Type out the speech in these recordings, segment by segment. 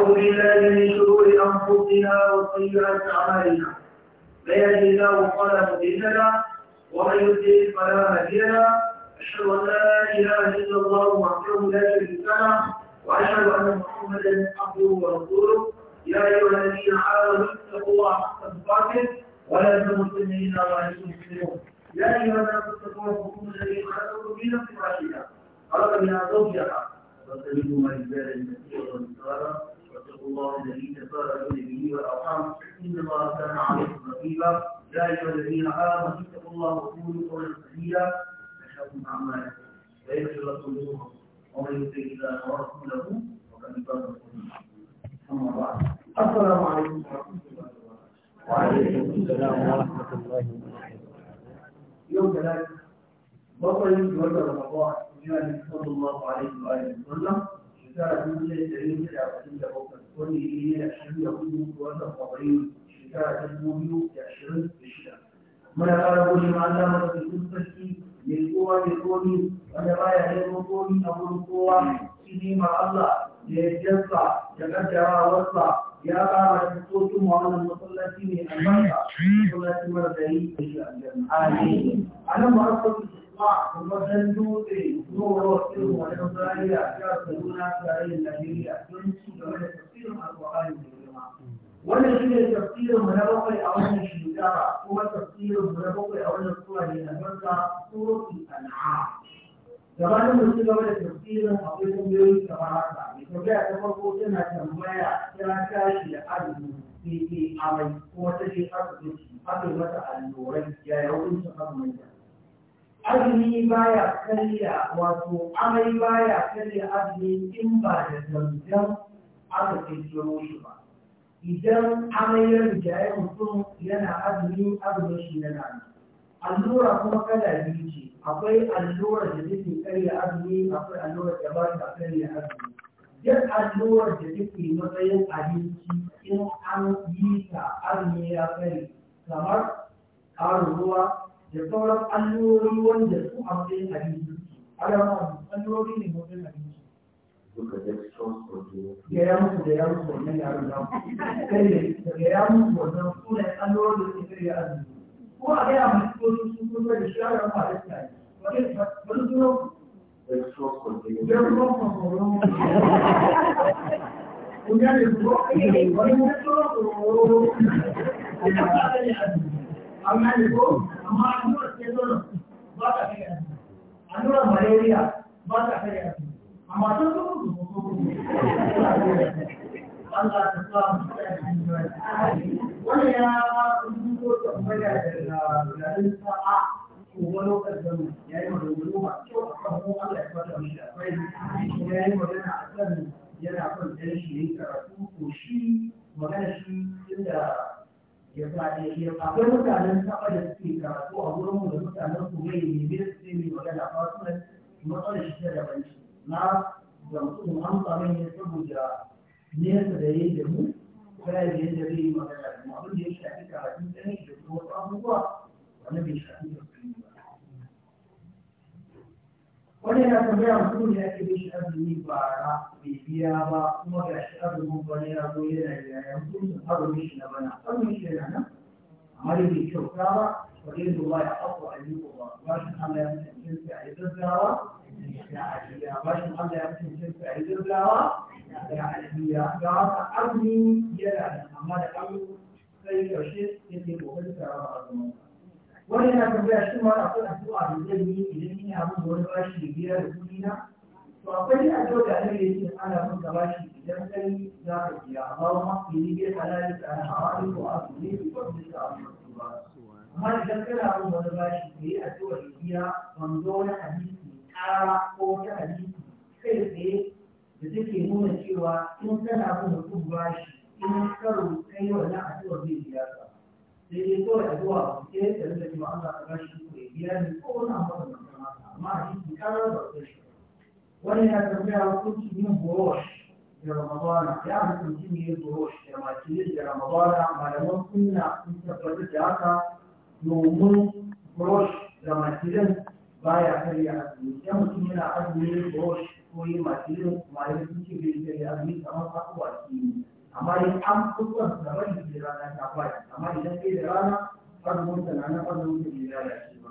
ونعوذ بالله من شرور أنفسنا وسيئات أعمالنا من يهد الله فلا مضل له ومن يضلل فلا هادي له أشهد أن لا إله إلا الله وحده لا شريك له وأشهد أن محمدا عبده ورسوله يا أيها الذين آمنوا اتقوا الله حق تقاته ولا تموتن إلا وأنتم مسلمون يا أيها الناس اتقوا ربكم الذي خلقكم من نفس واحدة خلق منها زوجها ما رجالا كثيرا ونساء الله الذي تساءلون به والارحام ان الله كان عليكم رقيبا يا ايها الذين امنوا اتقوا الله وقولوا قولا سديدا اشهدكم اعمالكم ويغفر لكم ذنوبكم ومن يطع الله ورسوله فقد فاز اما بعد السلام عليكم ورحمه الله وبركاته وعليكم السلام ورحمه الله وبركاته يوم ذلك بطل يوم رمضان النبي صلى الله عليه واله وسلم shekara dubu ɗaya da ɗari da arba'in da bakwai wanda ya yi ne da ashirin da hudu ga watan fabrairu shekara dubu biyu da ashirin da shida muna ƙara gode ma Allah madaukakin sarki mai kowa mai komi wanda ba baya neman komi a wurin kowa shi ne ma Allah da ya jasa da kaddarawarsa ya ƙara da tsotun wannan masallaci ne albarka masallaci mara gari da shi aljanna amin anan ba su ba kuma dan dutse noro irin wannan zariya ya kaduna tarayyar najeriya don ci gaba da tafsirin alƙur'ani da girma wannan shi ne tafsirin mu na bakwai a wannan shekara kuma tafsirin mu na bakwai a wannan sura ne albarka suratul an'am gabanin mutum ci gaba da tafsirin akwai tambayoyi kamar haka mai tambaya ta farko tana tambaya ta tashi da azumi sai ke amai kuma ta aka asibiti aka yi mata allurai yaya hukuncin azumin ta azumi baya karya wato amai baya karya azumi in ba da zanzan aka kirkiro shi ba idan amai ya riga mutum yana azumi azumin shi yana allura kuma kada biyu ce akwai allurar da take karya azumi akwai allurar da ba ta karya azumi duk allurar da take matsayin abinci in an yi ta azumi ya kai kamar ƙarin ruwa da sauran allurori wanda su a matsayin abinci alama allurori ne matsayin abinci Gaya musu da ya musu wannan yaron da ku. Kai da ya musu wannan sunan allurar da suke karya azumi. ko a gaya masu kotu sun kusa da shi ara ma da tsaye wani wani zuwa Allura malaria ba ta kare amma sun zuwa zuwa Allah ta sa mu da wani ya ba su ko tambaya daga garin ya yi da kai ya magana shi saboda nesa da yayi da mu ba da yadda zai yi magana da mu abin da ya shafi karatun dare da kuma wasu abubuwa wani bai shafi da su ba wani yana tambaya mutum ne ake bishi azumi ba ra bai biya ba kuma ga shi azumin wani ya zo yana yana yanzu azumin shi na bana azumin shi yana nan amma dai bai kyauta ba وليد الله يحفظ عليكم الله باش نخلى يمكن تنفع عيد الزراعة يعني باش نخلى يمكن تنفع عيد الزراعة da albiya ga haka arni yana da amma da abu sai yaushe yake kokarin tarawa a zuwa wani yana tambaya shi ma akwai addu'a da zai yi idan ina abin da wani bashi da biyar da kuɗi na to akwai addu'a da annabi yake ana mun ka bashi idan kai za ka biya amma ma ke yi bi halali da haram ko ne ko ko da azumi ba amma idan kana abin wani bashi ka yi addu'a da biya manzo wani hadisi kara ko ta hadisi kai tsaye da take nuna cewa in kana bin mutum bashi in karo kai a addu'a zai biya ka sai dai kawai addu'a ba ke da rinda cewa Allah ka bashi ko ya biya ni ko wani abu da mata amma a cikin karar da wata shi wani ya tambaya hukuncin yin borosh da ramadana ya hukunci ne yin borosh da makilis da ramadana malaman sunna sun tabbatar da haka domin borosh da makilin baya karya a cikin mutum yana azumi borosh ko masu yin mayu sun ce bai gari a mi kamar masu wasi amma yin an kusan da bari ke rana ta fara amma idan ke da rana farkon ta na na farkon ta ya lalace ba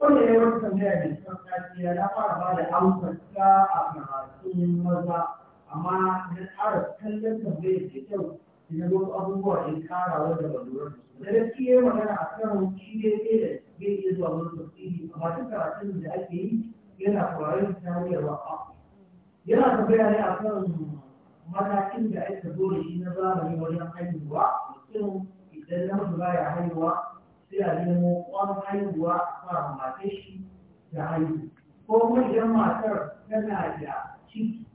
wanda ya wata tambaya da san kaciya na fara ba da amsar ta a karatun maza amma na ƙara kallon tambayar da kyau na zo abubuwa ya kara wanda ba lura da su da gaskiya magana a kan shi dai da zai iya zuwa wani tafsiri amma duk karatun da ake yi yana koyon ta hanyar yana tafiya ne a kan matakin da aka zo shi na zamani wajen haihuwa mutum idan namiji ba ya haihuwa sai a nemo kwan haihuwa a fara matar shi da haihu ko kuma idan matar tana da ciki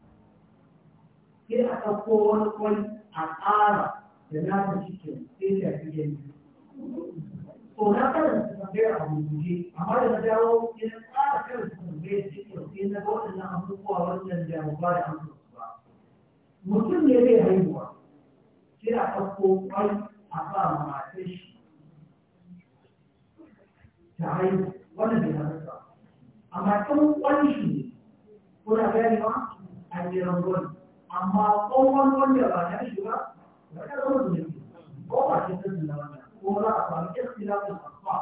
sai a ɗauko wani kwai a ƙara da nata cikin sai da to na karin su tambaye a rubuce amma da na dawo ina tsara karin su tambaye su ke sai na ga waɗannan abubuwa wannan da mu ba da amsa su ba mutum ne zai haihuwa sai a ɗauko kwai a ba ma shi ta haihu wannan bai halatta amma kan kwan shi ne kuna gani ma an yi rangon amma tsohon wanda ba ta shi ba ba ta zama da ne ko ba ta zama da kuma za a samu ikhtilafin asma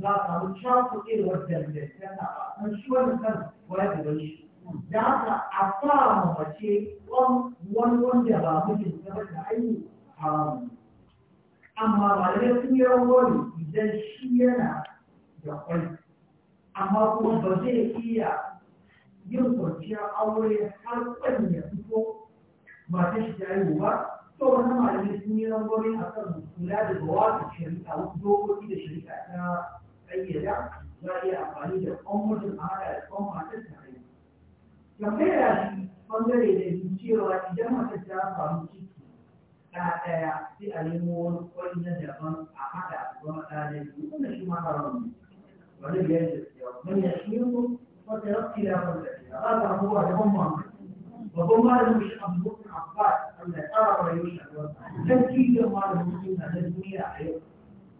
za a samu cakuɗewar dalilai yana a san shi wani kan wani da shi da haka a sa mace wani wanda ba mijin ta ba da ainihin haramun amma malamai sun yi wani idan shi yana da kwai amma kuma ba zai iya yin kwanciyar aure har kwan ya fito ta shi ta yi ba to wannan malamai sun yi rangwame a kan kula da bawar shari'a wasu dokoki da shari'a ta ƙayyada za a iya amfani da kwan mutum a haɗa da kwan matar ta haihu. Tambaya shi ɓangare da yi cewa idan matar ta samu ciki ɗa ɗaya sai a nemo wani kwai na daban a haɗa a zama ɗa na biyu wanda shi ma haramun ne. Wani biyar da siya wani ya shi yin wata rafi da wanda ya ba ta abubuwa daban ba. Babban malamin shi abu Abbas Allah ya tsara rayuwar shi a gaba na duniya a yau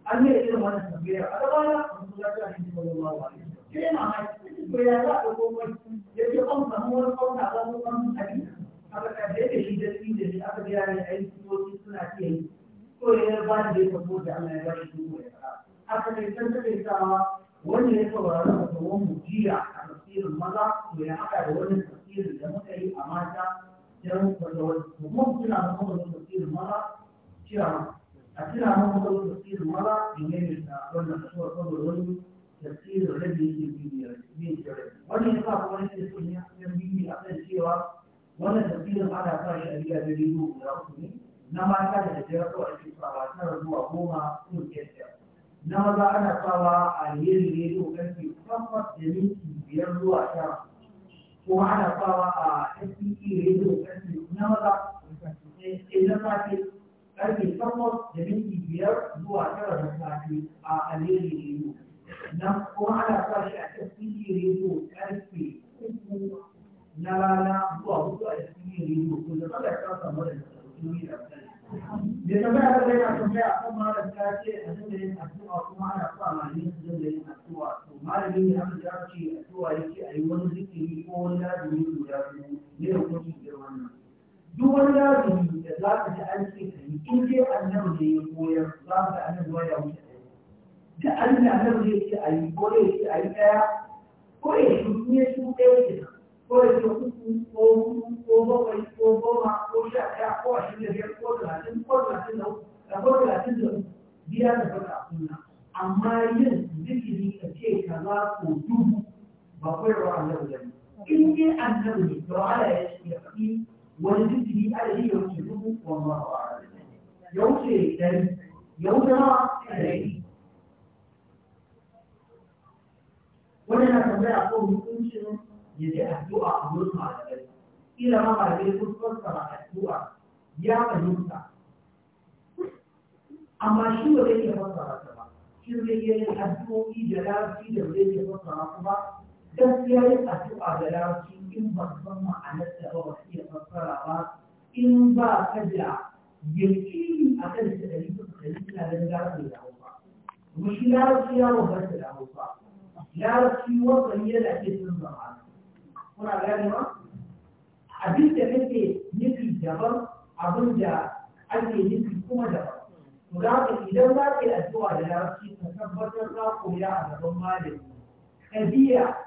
an yi irin wannan tambayar a gaba na Abu Bakar ya ya ce da shi da shi da aka ga yayin aiki suna ce yi ko ya ba da ya tabo da Allah ya wanda ya saurari da mu mujiya a tafsirin maza to ya haɗa da wannan tafsirin da muka a mata ممكن أن نفضل تفسير المرأة شعرا أكثر أن نفضل تفسير المرأة بمين أقول لك شو أفضل الرجل تفسير الرجل بين شعرين والإنصاف والإنصاف ينبغي أقل شيرا ولا تفسير على فاش أبيع بريدو ورسمي نما كان تجربة الإنصاف أثناء هو أبوما كل كثير نما أنا طبعا عليه بريدو كان في فقط جميل بيرضو أشعر ko ana sawa a SPE e radio karfe na maza na safe karfe takwas da minti biyar zuwa tara da safe a alheri radio na kuma ana sa shi a SPE e radio karfe uku na rana zuwa hudu a SPE e radio ko da kada ka samu da sauki da da tambaya da zai tambaya a kan malam ta ce a dinga yin kuma ana sa malamin su dinga yin addu'a to malamin ne aka ja ce addu'a yake a yi wani zikiri ko wani lazumi guda biyu ne da hukunci biyar wannan duk wani lazumi da za ka ji an ce ka yi in dai annabi ne ya koyar za ka ga ya wuce da annabi ne ya ce a yi ko ya ce a yi ɗaya ko ya shi ne su ɗaya ko ya ce uku ko hudu ko bakwai ko goma ko sha ɗaya ko ashirin da biyar ko talatin ko talatin da uku ko talatin da uku biya da faɗa a kunna amma yin zikiri ka ce kaza ko dubu ba koyarwa annabi gani in dai annabi ne to ala ya ce ya faɗi wani zikiri adadi ya wuce dubu wallahu a'lam ya wuce dari ya wuce nawa dari wannan na tambaya ko hukuncin ya addu'a a wurin malamai ila ma ba dai kun fassara addu'a ya fahimta amma shi ba zai iya fassara ta ba shi zai iya yin addu'o'i da larabci da zai iya fassara ta ba gaskiya yin addu'a da larabci in ba san ma'anar da ba ba iya fassara ba in ba ka da yankini a kan da ɗari kusa ɗari suna don larabci da hausa kuma shi larabci ya bambanta da hausa larabci wasan yadda ake sun zama kuna gane ma abin da kake nufi daban abin da ake nufi kuma daban to da haka idan za ka yi addu'a da larabci ka tabbatar ka ya a gaban malami kadiya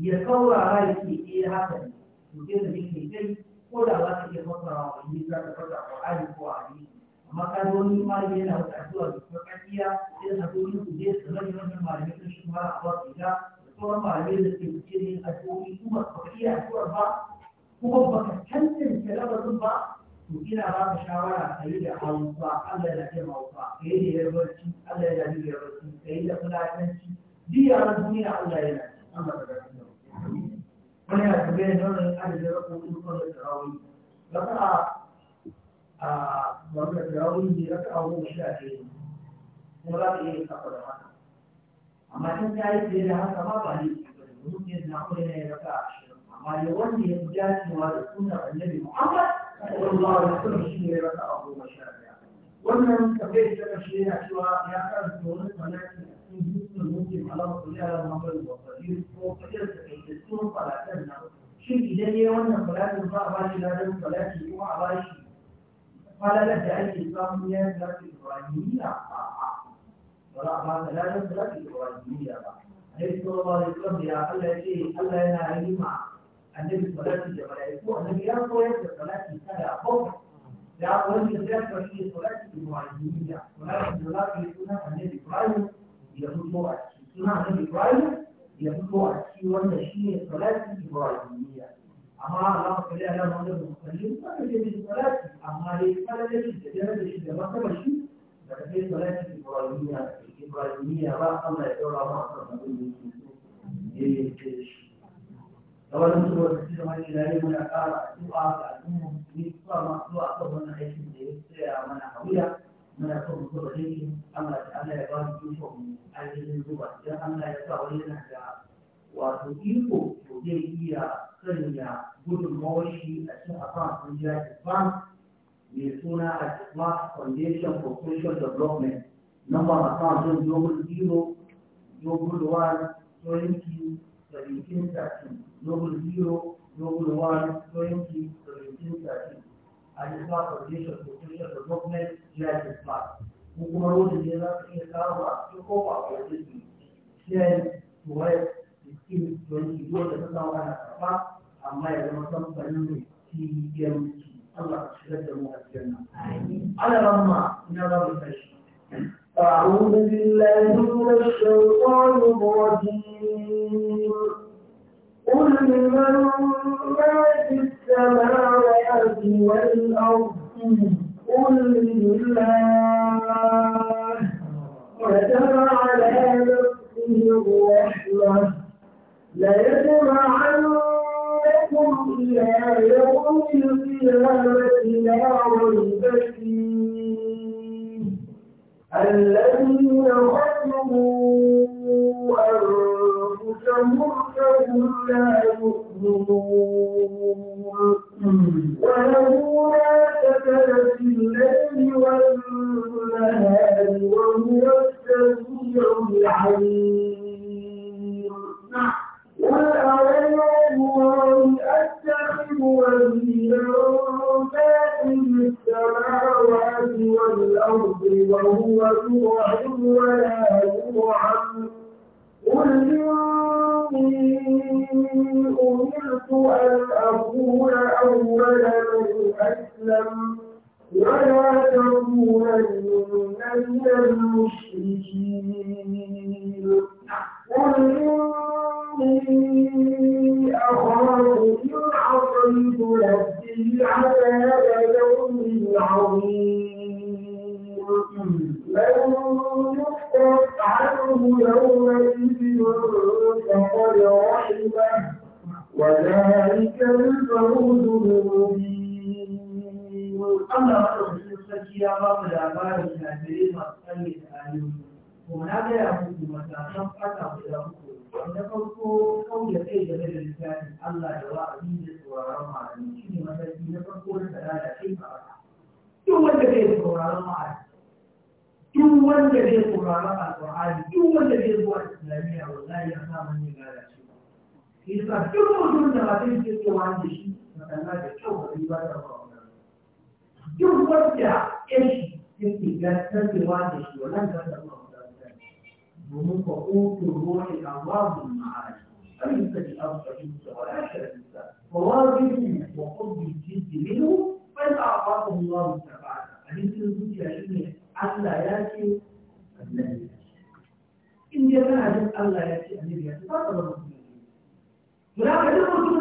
ya saurara ya ke eh haka ne to sai da yake kai ko da za ka iya fassara wa wani za ka fassara wa ali ko ali amma ka zo ni malami yana wata addu'a da kuma kadiya sai da hakokin su je su rage wannan malamin sun shi mara a wasu ida sauran malamai a ke fice da yin addu'o'i kuma ba iya addu'ar ba kuma ba ka tantance lamarin ba to ina ba ka shawara a yi da hausa Allah ya lafiya hausa ka yi da yarbarci Allah ya lafiya yarbarci ka yi da fulatanci duk yaran duniya Allah ya lafiya Allah ya lafiya wani yana tambayar da wani adadin rakon kuma da tarawih raka'a a wanda tarawih ne raka'a goma sha ɗaya ne kuma za ka iya yin kafa da haka amma can ta yi fiye da haka ma ba ne domin yin na kuma ne ya raka ashirin amma da wanda ya fi dacewa da sunan annabi muhammad sallallahu alaihi wasallam shi ne raka a goma sha wannan kafai da kashe yana cewa ya karanta wani salati a cikin dukkan mutum alama kulli ala muhammad wa ko fadil da kai da sunan falatan nan shin idan ya wannan falatin ba a ba shi ladan falati kuma a ba shi falalar da ake samu ya yi salati a'a ورحمة لا نسلك الوالدية النبي صلى الله عليه وسلم يا الله شيء الله أنا عليم النبي صلاة الملائكة النبي يا قوية صلاة كذا فوق يا قوية صلاة في صلاة الوالدية صلاة الله في سنة النبي إبراهيم يخطو أشي سنة النبي إبراهيم يخطو أشي وأنت شيء صلاة الوالدية أما الله تعالى على محمد صلى الله عليه وسلم فليس صلاة da ka sai salati ibrahimiya ibrahimiya ba Allah ya daura mu akan abin da yake so ya yi ce da shi da wannan su wata cikin wani ilayi muna ƙara addu'a ga al'umma musulmi zuwa ma zuwa kan wannan da ya tsaya mana a wuya muna son mu zuba aikin Allah ta Allah ya ba mu ikon ainihin Allah ya sa wani yana da wato iko to zai iya sanya gudunmawar shi a cikin akan kungiya mai suna a smart foundation for social development number account don double zero double one twenty seventeen thirteen double zero double one twenty seventeen thirteen a smart foundation for social development jihar smart ko kuma rodin ne za ka iya kawo a cikin kofa ko jirgi shen tuwai sixteen twenty dole ta kawo ana karɓa amma ya zama kamfanin ne cm أعوذ بالله من الشيطان الرجيم قل لمن ما في السماوات والأرض قل لله كتب على نفسه الرحمة ليجمعن لكم إلى يوم القيامة لا ريب الذين خسروا أنفسهم فهم لا يؤمنون وله المشركين قل إني أخاف إن عذاب يوم عظيم من يفتح عنه يومئذ فقد رحمه وذلك الفوز المبين أما sarki ya ba mu labarin kafirai masu tsalle da ayoyi kuma na gaya muku matakan fata mu guda uku na farko kauye kai game da littafin Allah da wa'azi da sauraron ma'ani shi ne mataki na farko na tsara da kai ka fata duk wanda zai sauraron ma'ani duk wanda zai sauraron alƙur'ani duk wanda zai zuwa islamiyya wallahi ya sa mun ne gara shi yasa duk mutum da ba zai ce cewa da shi matsala da kyau ba zai ba da ba duk wanda ya shi yake gantarwa da shi wannan gantarwa domin ka ƙoƙo ruwan da وواجب وقرب الجد منه بل أعطاه الله تبارك أليس الزوجة شنو ألا يأتي النبي إن ألا يأتي النبي يتفضل المسلمين ولا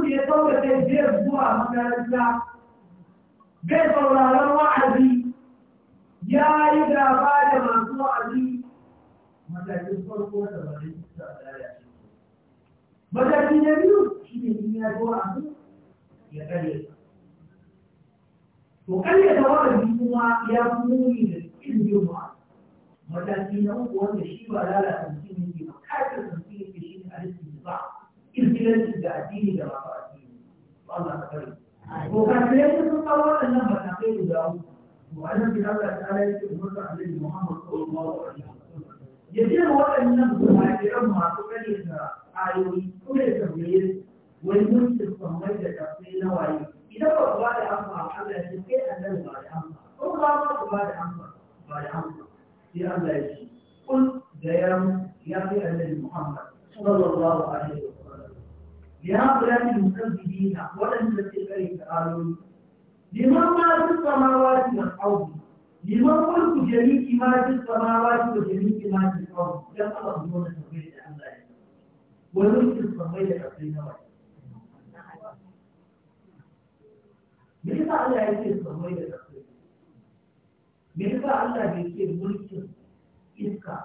يقول bai sauraron wa'azi ya yi gaba da masu wa'azi matakin farko da bari su a daya mataki na biyu shi ne in ya zo a ya kare to kare da wa'azi kuma ya fi muni da cikin juma mataki na uku wanda shi ba lalata mutum ne ba kafin mutum ne shi ne a rikin ba irkilanci da addini da masu addini ba Allah ka kare وكثير من الصلاة لما تقيل داود وأنا في هذا الآية يقول عليه محمد صلى الله عليه وسلم يجب هو أن نبدو كل آيوي كل تغيير والمسلم صمد تقيل وعي إذا فقال أما حمل تلك أنه بعد أما في أما يجي قل ديام يا محمد صلى الله عليه وسلم بهؤلاء المكذبين ولن تتكلم تعالوا لمن ما في السماوات والأرض لمن ملك جميع ما في السماوات وجميع ما في الأرض لم أظن تقول عن ذلك وليس الصغير أقل نوعي me yasa Allah ya ce samai da ƙasai me yasa Allah bai ce mulkin iska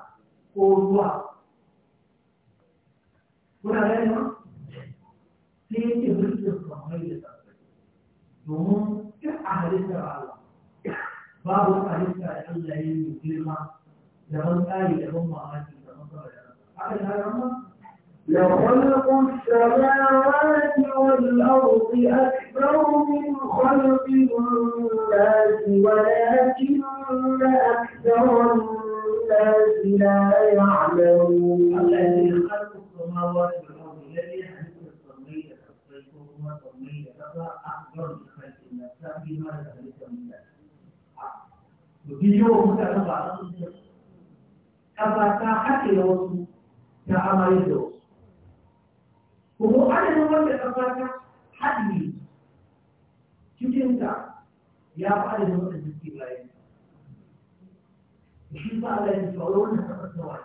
ko ruwa kuna gani ma sai yake mulkin samai da sarfai domin duk a halittar Allah babu halitta da Allah ya yi girma da ban tsari da ban mamaki da ban kawai da haka da rama لخلق السماوات والأرض أكبر من خلق الناس ولكن yawan mutane ba a san su kasa ta haɗe da wasu ta amayar da wasu kuma adadin wanda kasa ta haɗe cikinta ya fi adadin wanda suke bayan shi ba a yi tsoro wannan kasar nawa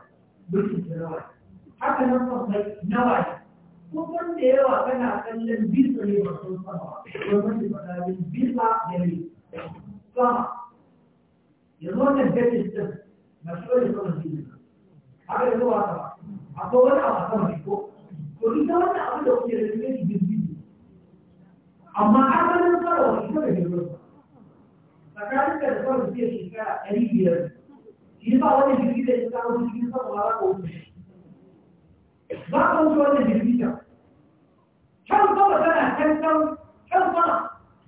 mulkin ta nawa haka nan kwamfai nawa kusan da yawa kana kallon bisa ne masu sama wanda ba ta bin bisa da ne sama yanzu wannan gaji din na shigo da yanzu wani ko da biyar ba wani ba ka can can tana can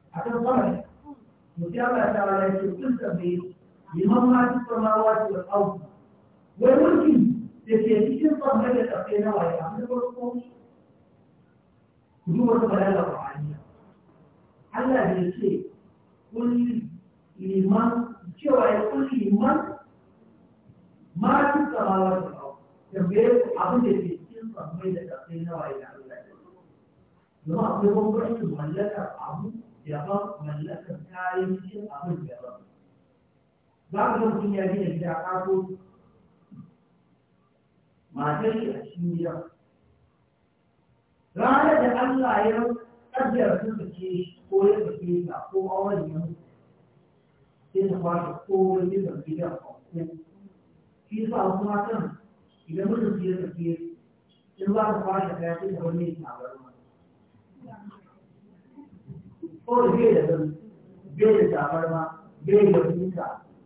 can can a ta wani لمن ما في السماوات والأرض وممكن تسيتي الصبر لك تقينا وهي عمل بالقوش هو الضلالة الروحانية على بيشي كل لمن جوا يقول لمن ما في السماوات والأرض تبيت عمل تسيتي الصبر لك تقينا وهي عمل لما أقول لكم ملك أبو يقف ملك كائن أبو يقف za mu ga mutum ya gina gida a ƙato matar shi a cikin gida ranar da Allah ya ƙaddar su sake shi ko ya sake ta ko awon ya mutu sai ta kwashe kowa ya zargi da kwakwo shi sa wasu matan idan mutum ya sake in ba ta kwashe kaya sai ta wani ta bari ko da bai da zargi bai da tabarma bai da wuta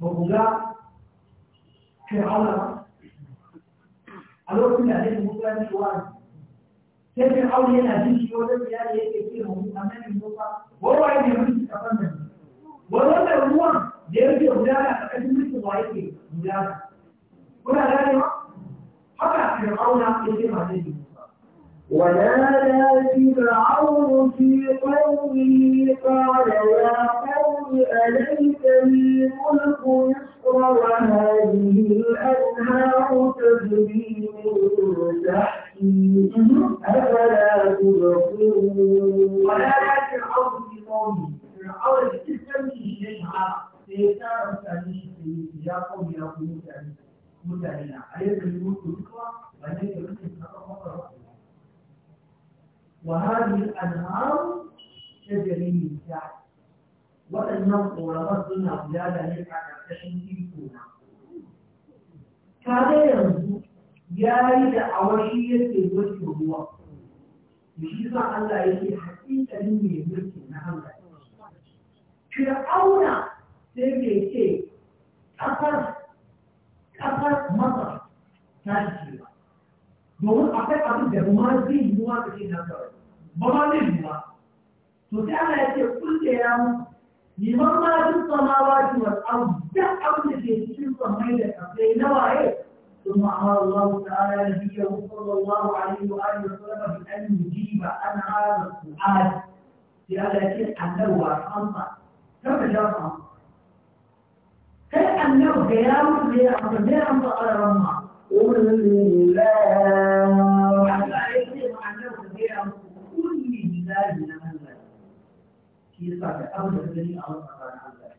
ba ku ga fir'auna ba a lokacin da annabi musa ya shi wa'azi sai fir'auna yana jin shi wajen iyali yake ce amma annabi musa wawa ya nemi shi kafan da wannan ruwan da ya fi rike gudana a ƙarƙashin mulkin wa yake gudana kuna gane ba haka fir'auna ya ce ma annabi ونادى فرعون في قومه قال يا قوم أليس لي ملك مصر وهذه الأنهار تجري من تحتي أفلا تبصرون ونادى فرعون في قومه فرعون تسمي يشعر سيسار سليم يا قوم يا قوم متعلنا أليس لي ملك مصر وهذه الأنهار وهذه الأنهار تجري من تحت وأنه ورمضنا بلادا يقع تحت إيكونا كان ينزو يا إذا في الوجه هو يشيطا أن لا يكي حقيقة من الملك نعم فرعون سيبيتي أقر أقر مطر تاجي domin akwai abin da ruwa zai yi ruwa da ke nan kawai ba ma zai yi ba to sai Allah ya ce kulle ya mu liman ma duk samawa ki wal abu da ke cikin samai da kasai na waye ثم أمر الله تعالى نبيه صلى الله عليه وآله وسلم بأن يجيب عن هذا السؤال لألا أنه وأنصى كما جاء أنصى كأنه كلام لأنصى على رمى قل لا zari na Allah shi yasa da abu da gani a wata ranar Allah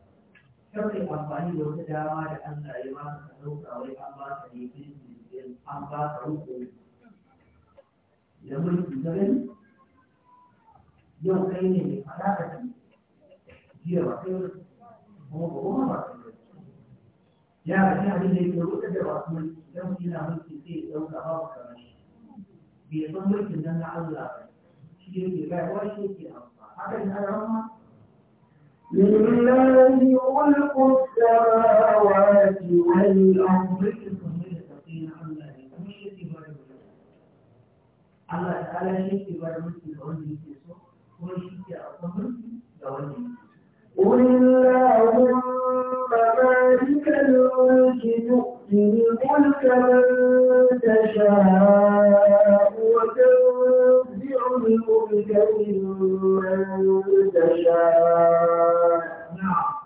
kawai amfani da wata dama da Allah ya ba ka ɗauka wai an ba ka ne kirkin an ba ka ruko da mulki da gani yau kai ne mai faɗa a ciki jiya ba kai kuma ba kuma ba kai ya ga shi abin da yake rubuta da wasu mulki don yana mulki sai ya ɗauka ba ka kamar shi bai san mulkin nan na Allah ba shi yake bayarwa shi yake amfani hakan ya rama Allah ta'ala shi ke bar mulki da wanda yake so kuma shi ke akwai mulki da wanda yake so. قل اللهم مالك الملك تؤتي الملك من تشاء وتنزع تضل بكيد من تشاء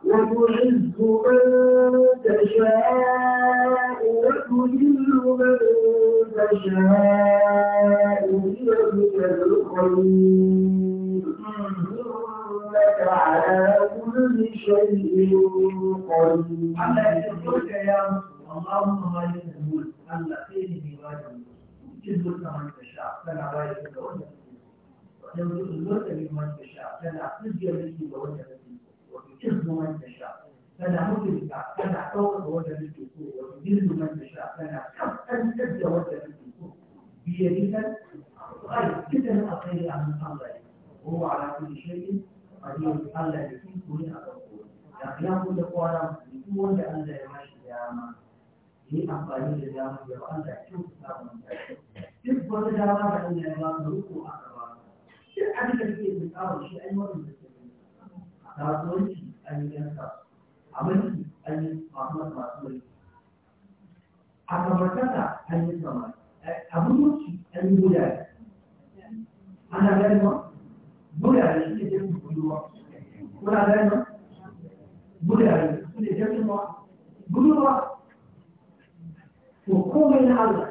وتعز من تشاء uwana duk wanda Allah ya bashi dama yi amfani da dama ya ba Allah kyau ta samu duk wani dama da Allah ya ba ka ruko aka ba duk abin da kake tsakawa shi an yi wannan da kake a kasuwanci an yi yanka a mulki an yi masu masu mulki a kamartaka an yi samari a mulki an yi gudanar ana gani ma gudanar shi ne jirgin gudunar kuna gani ma gurare su ne jami'a gudunwa to komai na Allah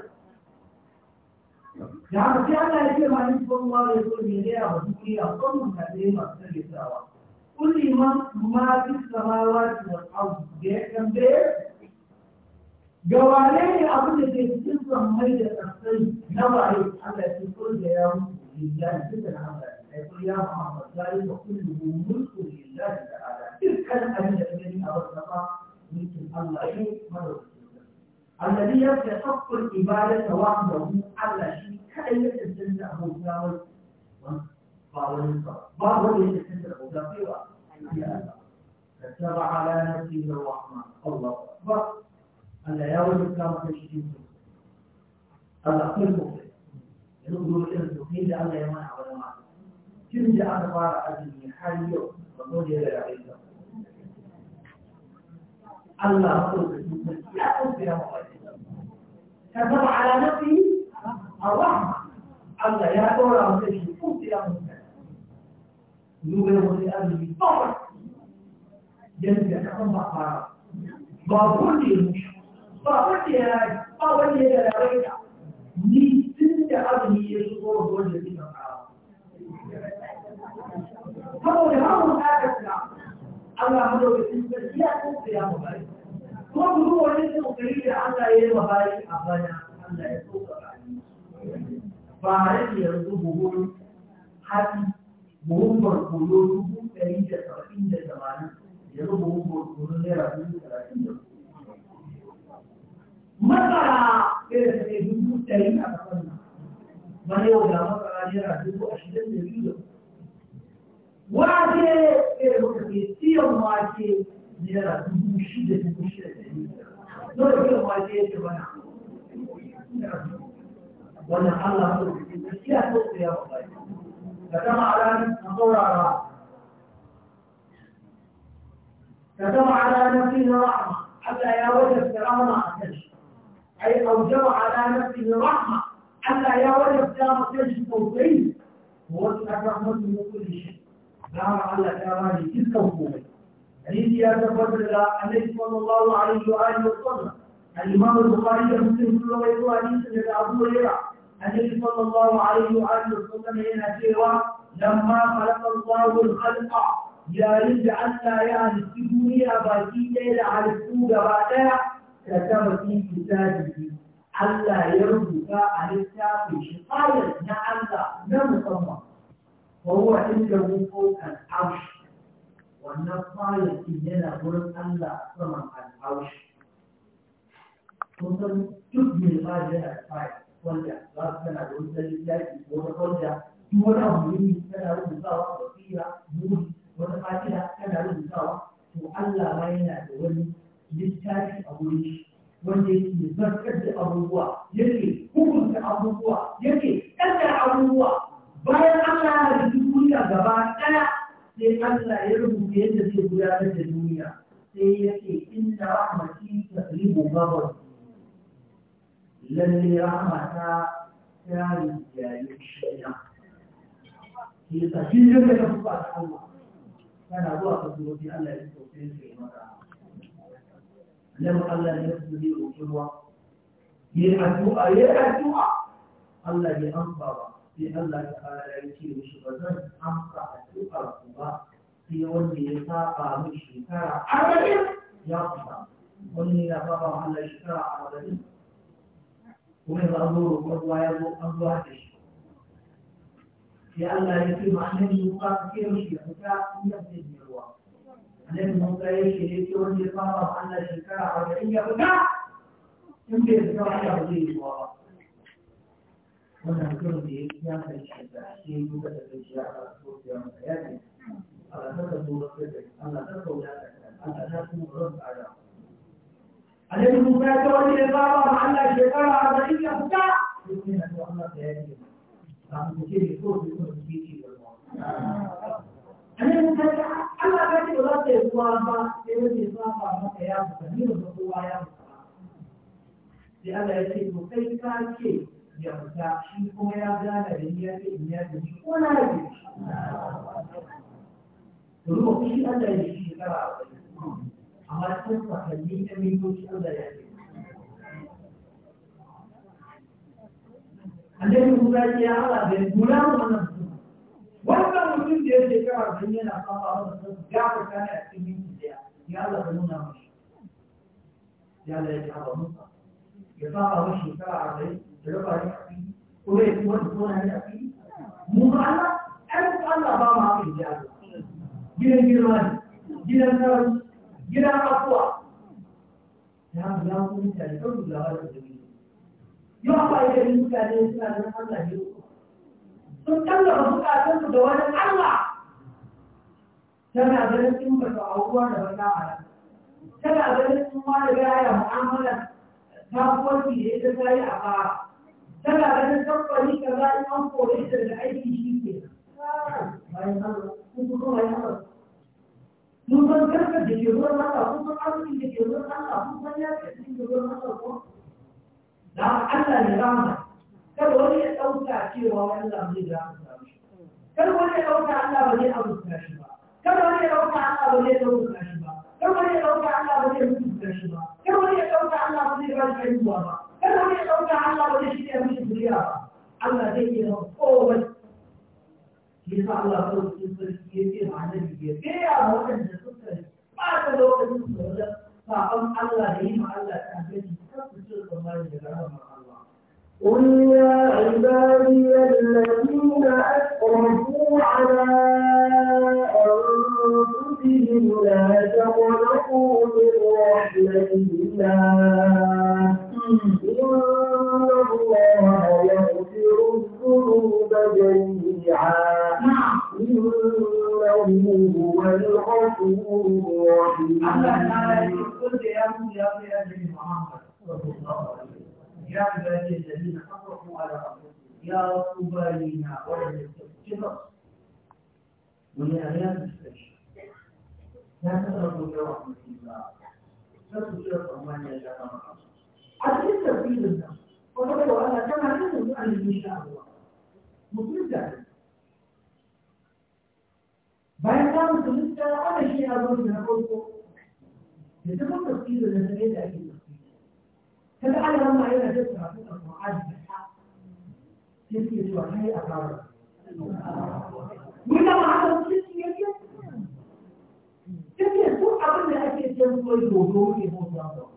da haka sai Allah ya ce ma ni ko ruwa ya zo ne ne a wasu ne a kwanu da ne masu tsarkisawa kulli ma ma fi samawa da abu da ya tambaye gawane ne abin da ke cikin sammai da tsarsai na waye Allah ya ce da ya mutu lillahi duka na Allah ya ce ya Muhammad zalika kullu mulku lillahi ta'ala dukkanin abin da gani a wasu sama mulkin Allah ne madaukakin alladhi yafi haqqul ibadata wahdahu Allah shi kadai ya tantance abota wani ba wani ba ba wani ya tantance abota sai wa Allah فتبع على نفسه الرحمن الله أكبر ألا يا ولد كان تشتيم هذا كل مفرد ينظر إلى الدخيل لألا يمنع ولا معنى كم جاء تبارع أجل من حال يوم وقول يا رعيد الله لا تنكر كتب على نفسه الرحمة الله يا دورة وتجي تنكر منكر يبلغ لأبيه طبعا ينزل كتب على بابون لي بابون لي بابون لي لا ريكا ni tun da abin ya shigo da wanda ke kan kawo. Saboda hawan aka Allah madaukakin sarki ya tsaya mu bari. ko ku zuwa wani kokari da Allah ya yi wa bayi a bana Allah ya so ka ba a har yanzu buhun hatsi buhun barkono dubu ɗari da saba'in da tamanin yanzu buhun barkono naira dubu talatin da masara irin da ne dubu ɗari a kasan nan mana yau da masara naira dubu ashirin da biyu da wake irin da ke siyan wake naira dubu shida dubu shida da yi dole kuma ma ya ce mana wannan Allah so da ke gaskiya so da yawa ba da kama a ranar a saurara da kama a ranar fi na rahama Allah ya wajabta rahama a kan shi ai aujaba a ranar fi na rahama Allah ya wajabta a kan shi sosai wasu aka mutu mutu da shi Allah ta bani dukkan komai حديث يا تفضل النبي صلى الله عليه وآله وسلم الإمام البخاري ومسلم كل ما يروى حديث من أبو هريرة النبي صلى الله عليه وآله وسلم هنا سيرة لما خلق الله الخلق يا رب حتى يعني الدنيا باقي إلى على السوق بعدها كتب في كتابه Allah ya rubuta a littafin نعم لا na Allah na musamman wa huwa wannan fayil din yana wurin Allah saman al'aushi kun san duk mai fayil yana da fayil wanda za su tana da wani littafi ko wani wanda duk wani abu ne tana rubutawa basira buri wata fatiha tana rubutawa to Allah ma yana da wani littafi a wuri shi wanda yake zartar da abubuwa yake hukunta abubuwa yake kaddara abubuwa bayan Allah ya rubuta gaba ɗaya sai Allah ya rubuta yadda zai gudanar da duniya sai ya ce inna rahmati taqribu ghadab lalle rahmata ta rijayi shay'a ke ta shi ne da kuma Allah kana zuwa ka zuwa sai Allah ya tsofe sai maka lam Allah ya tsofe ruwa yi addu'a yi addu'a Allah ya amsa ba sai Allah ta'ala ya ce mishi ba zan amsa addu'ar ku ba sai wanda ya saba min shekara arba'in ya kusa wani ya saba wa Allah shekara arba'in kuma ya zo roƙon ruwa ya zo an zuwa da shi sai Allah ya ce ma annabi Musa ka ce mishi ya fita in ya fita da ruwa annabi Musa ya ce ya ce wanda ya saba wa Allah shekara arba'in ya fita in bai fita ba ya ba zai yi ruwa ba wannan kan da ya kiya kan shi da shi yi da da shi a kasu da yawan bayani Allah ta kasu wasu da Allah ta kauna da Allah ta kuma ran tsada Alaihi Musa ya kawo ne da bawa ma Allah shekara arba'in ya fita duk yana da Allah da ya ce ba mu ce ne ko da kuma ke ci da mu Alaihi Musa ya Allah ta ce ba za ta yi ruwa ba sai wani ya saba maka ya fita ni ba kowa ya fita sai Allah ya ce to kai ka ce ya fita shi kuma ya gane da ya ce in ya shi ko na da shi to ruwa shi Allah ya shi kara a amma sun sakanni ta mintoci Allah ya ce Annabi Musa ya haɗa da gura wannan wannan mutum da ya shekara don yana kafa wanda sun gafa kane a cikin minti daya ya Allah ya nuna mashi ya Allah ya kafa musa ya kafa mashi shekara arba'in da raba ne ba gidan gidan gidan kan su labarin da muke yau ba ya yi mutane suna sun tallafa da wani Allah tana ganin sun ba ta da a tana ganin gaya mu'amala ta kwanci da ita a fara tana ganin kamfani ka za a an kore ta daga aiki shi ke bayan Allah kun kuma bayan Allah mun san karkar da ke ruwan Allah kun san arzikin da ke ruwan Allah kun san yaƙi da ruwan Allah ko da Allah ne rahama kada wani ya ɗauka cewa wani Allah zai rahama shi kada wani ya ɗauka Allah ba zai azurta shi ba kada wani ya ɗauka Allah ba zai ɗauka shi ba kada wani ya ɗauka Allah ba zai mutunta shi ba kada wani ya ɗauka Allah ba zai ba shi ba in wani ya ɗauka Allah ba zai shirya mishi zuriya Allah zai yi zan kowai shi sa Allah ko su sarki ya ce ma annabi ya gaya ma waɗanda suka ɓata lokacin su wajen saɓon Allah da yi ma Allah ta gaji kan su ce tsammani daga rahmar Allah. قل يا عبادي الذين أسرفوا على أنفسهم لا تقنطوا من رحمة الله Ya kasar da ya wa ƙasar da ya wa ƙasar da ya ya wa ƙasar da ya عشان التبديل النفسي وقد وأنا كما نحن نؤمن إن شاء الله مطلوب ذلك بعد كم تلك أنا شيء أقول من أقوله يتم تفكير الإنسان أي تفكير تبع لما عينا تسمع في المعاد بالحق تسمع وحي أقرار وإنما هذا تسمع تسمع تسمع تسمع تسمع تسمع تسمع تسمع تسمع تسمع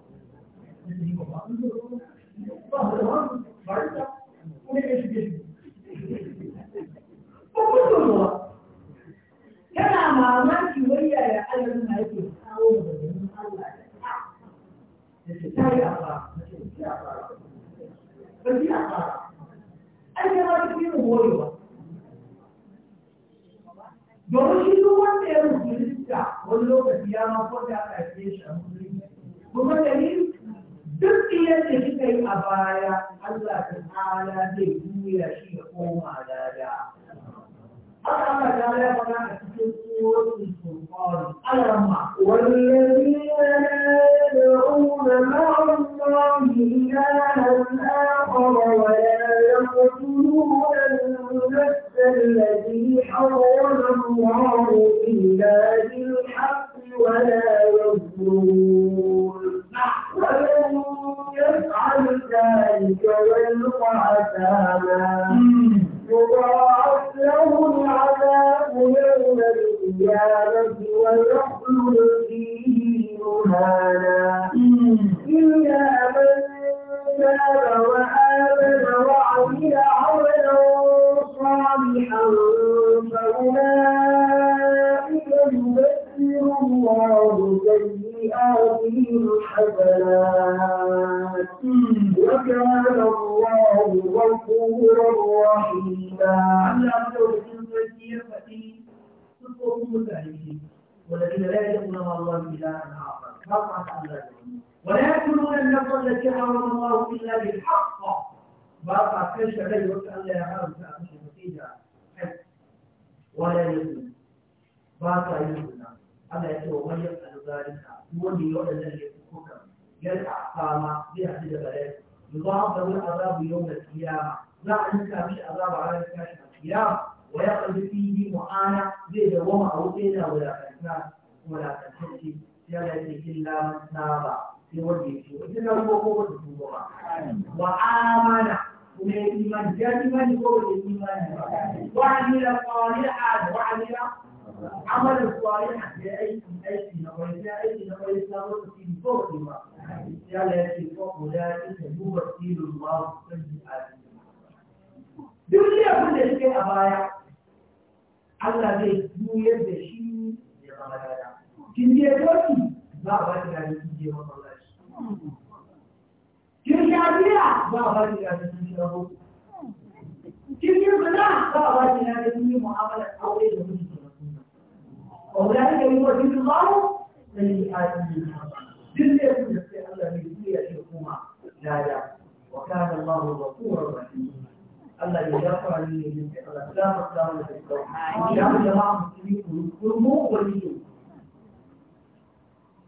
Yana mamaki wai yaya na yake kawo da ganin ta. Ba ya ma ta wani lokaci ya ma kwanta a shi a yadda kika yi a baya Allah ta ta'ala zai juya shi ya koma dada haka Allah ta ya fara a cikin suratul furqan alamma wallazina la yad'una ma'a Allahi ilahan akhar wa la yaqtuluna an-nafs allati harrama Allahu illa bil haqq wa la yadhurun يفعل ذلك يلقى عذابا يضاعف له العذاب يوم القيامة ويخلد فيه مهانا إلا من تاب وآمن وعمل عملا صالحا فأولئك يبدل الله سيئاتهم حسنات وكان الله غفورا رحيما. والذين لا يجدون مع الله إلها آخر. ما قطع الله ولا يأكلون النفس التي حرم الله إلا بالحق بقى كل شيء يقول لا يعرف أمين نتيجة ولا يزن بقى يزن أما يتوب من يفعل ذلك من يولي الذي يفكك يلقى قام بها في البلد يضاعف العذاب يوم القيامة لا أنك في عذاب على الكاشف القيامة ويقضي فيه معاناة بين وما أو بين ولا كنسان ولا كنسان إلا من تاب sai wanda ya ce wajen nan ko kowa da tuba ba wa amana kuma ya imani ya imani ko wanda imani ba wa amila salihan wa amila amalan salihan da aiki aiki na wani ya aiki na wani samun su cikin ko wanda ba ya la ya ce ko guda ita duba tilin ba su sanji a duk laifin da suke a baya Allah zai juyar da shi ya zama dada. Kin je doki za a ba ta gani kin je masa Kirkiya biya ba a baki da sun shi rabo. Kirkiya bala ba a baki da sun yi mu'amalar aure da mutum da rasu. Ƙaura da yi wa jirgin baro da yi adini. Duk da yake da sai Allah ne ya ce kuma yaya. Wa kana Allahu ghafurur rahim. Allah ya gafara ni ne sai Allah ya gafara da kai. Ya jama'a musulmi ku kurmu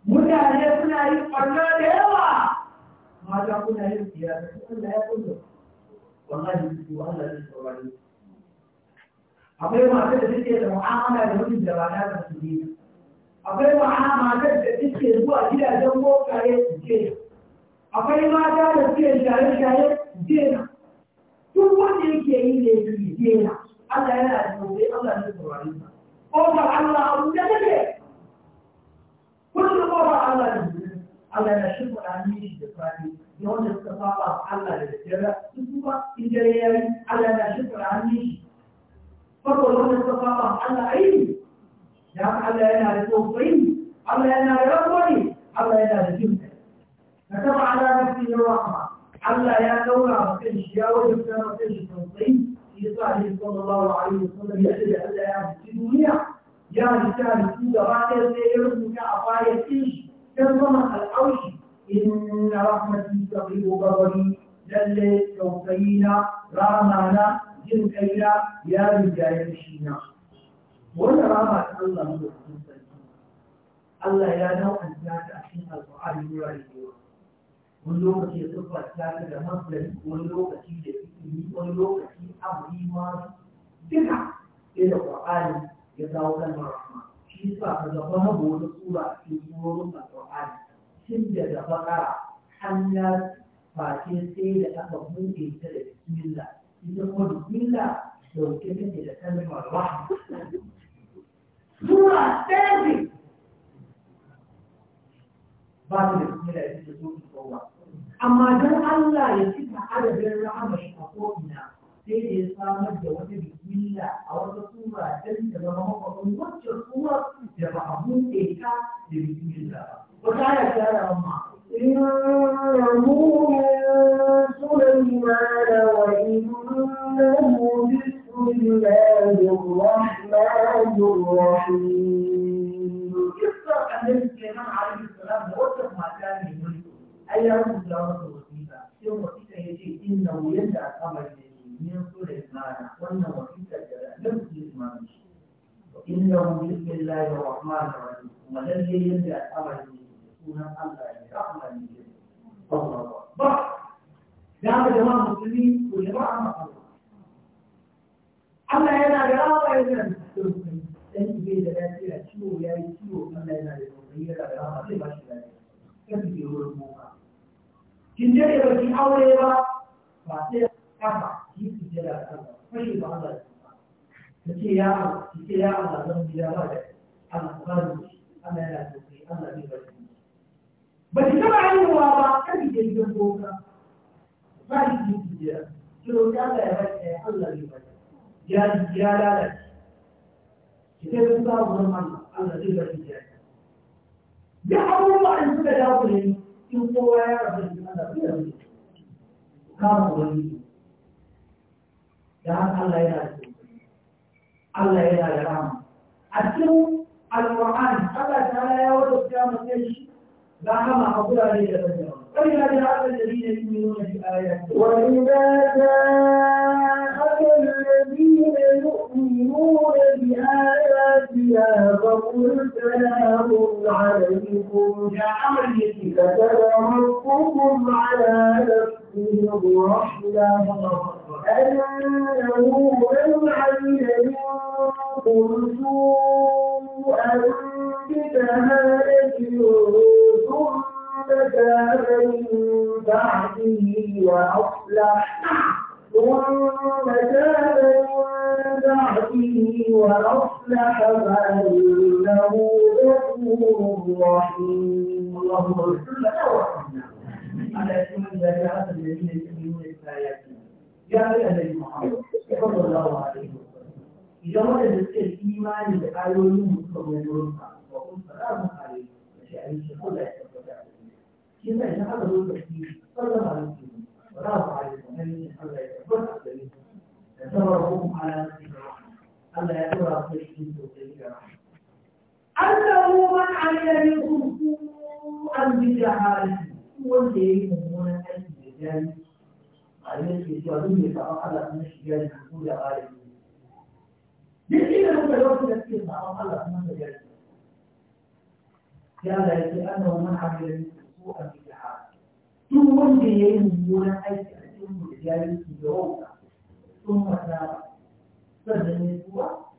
mutane suna yin ɓarna da yawa mata kuna yin siyasa Allah ya kulle wallahi su Allah ya saurare akwai masu da suke da mu'amala da wani da ba na da su ne akwai matar da suke zuwa gidajen bokaye su ce akwai mata da suke shaye-shaye su ce na duk wanda yake yi ne su yi Allah yana da saurare Allah ya saurare ko ba Allah abu da take كل مرة الله الله يشوف العميل الإسرائيلي يقول استطاع الله للجرة تسوى إنجليالي الله يشوف العميل فقل يقول استطاع الله أي يعني الله ينال توصيل الله ينال ربني الله ينال جمعي فتبع على نفسه الرحمة الله ينال مكان شياوة يبقى مكان توصيل يصعد صلى الله عليه وسلم يجد الله في الدنيا ya rika riku da bakar sai ya rubuta a baya cin shi don zama al'aushi in na rahmatin ta bai gogarwari lalle tausayi na rama na jin kai na ya rika ya na wannan rama ta Allah ne da kuma Allah ya dawo a cikin al'adun al'adun rayuwa wani lokaci ya tsufa ta ta da masulari wani lokaci da fitini wani lokaci abu yi ma duka ɗaya da ƙwaƙari ya kawo kalmar rahma shi yasa ka ga babu wani sura a cikin surorin alqur'ani tun daga bakara an ya face sai da aka buɗe ta da bismillah ita kuma bismillah dauke take da kalmar rahma sura ɗaya ce ba ta da bismillah ita ce surorin kowa amma don Allah ya cika adadin rahama shi a ko'ina sai da ya samar da wata bismillah a wata sura don ta zama makwabin wacce sura da ba a buɗe ta إنه من سليمان وإنه بسم الله الرحمن الرحيم. يذكر أن سليمان عليه السلام وصف ما كان يملكه. أي رجل له وصيفة. يوم وصيفة يجي إنه يدعى الأمر من سليمان والنوحيد لم يسمع به وإنه بسم الله الرحمن الرحيم ولن يلي الأمر يكون الله رحمة به الله أكبر دام جماعة المسلمين وجماعة مقبولة Allah yana da rawa yana da sosai dan ke da lafiya ciwo ya yi ciwo Allah yana da sosai yana da rawa zai ba shi lafiya kan ke wurin boka kin je da baki aure ba ba sai 他把集体接在身上，非常的这样，这样的能力的外人，他们不能理解，他们来不会，他们理解不了。不是这玩意儿吧？这里边就多呢，那集体接，就现在还才二十六个人，也也来了，这个不知道我们二十六个人接。يحاولوا أن يتجاوزوا يقوى يعرف أن هذا غير كانوا dan Allah yana da Allah yana da rahama a cikin alƙur'ani Allah ta ya wada ta mutai shi rahama a gurare da daban وإذا جاءك الذين يؤمنون بآياتنا وإذا جاءك الذين يؤمنون بآياتنا فقل سلام عليكم كتب ربكم على نفسه الرحمة أنه من عمل منكم سوءا بجهالة ثم تاب من بعده وأصلح ثم تاب من بعده وأصلح فإنه غفور رحيم اللهم اغفر لنا وارحمنا على كل ذكاء الذين الآيات ya yi alai Muhammad sallallahu alaihi wasallam idan wanda suke imani da ayoyin mutum ne wurin sa wa kun salamu alaihi da shi ayi shi kula ya tabbata shi ne idan aka zo tafi sallallahu alaihi wa salamu alaihi wa sallam Allah ya tabbata da ni da sabarhum ala nafsihi Allah ya tura su cikin sosai ga أنه من علم منكم سوءا بجهالة wanda ya yi mummunan aiki da jami'i malamai suke cewa da ƙari duk inda muka lokacin da suke saman ya da yake an da wani hanyar su a wanda ya yi mummunan aiki a cikin da jari su da wauta sun mata sannan ya zuwa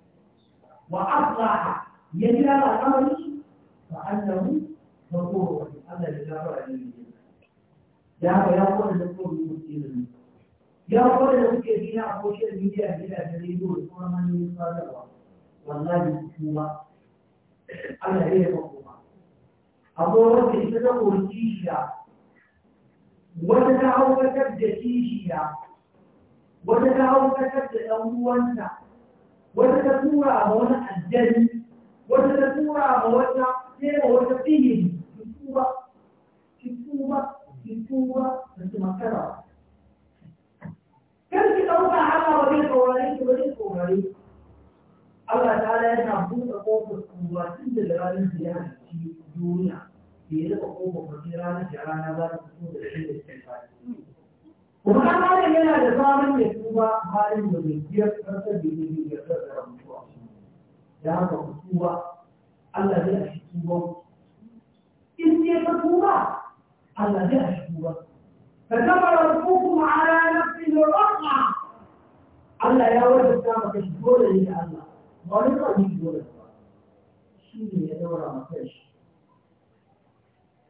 wa aslaha ya ji ala al'amari fa annahu maghfurun Allah ya gafara ne da haka ya kowa da kuma mutum ilimi يا ولد الذين على السوشيال ميديا بلا تريدون ومن يصادر والله هو على هي مقومة أبو رب يتدقوا الكيشيا وتتعوك تبدا كيشيا وتتعوك تبدا أولوانسا وتتكورا أبونا الجن وتتكورا أبونا سيما وتفيهم تكورا تكورا تكورا تكورا تكورا كيف تتوقع على وليد ووليد وليد ووليد Allah ta'ala yana buɗe ƙofar kubatun da ranar da ya halarci duniya da ya daga ƙofar mafi ranar da rana za ta fito da shi da ke fadi. Kuma an yana da zaman ya tuba bayan da bai biyar ƙasar da ya yi ya ƙasar mutuwa. Da haka ku tuba, Allah zai a shi tuba. In ya ka tuba, Allah zai a shi tuba. كتب ربكم على نفسه الرحمة الله يا ولد كما تشكر لي أنا الله ولقد يقول شنو يا دورة ما فيش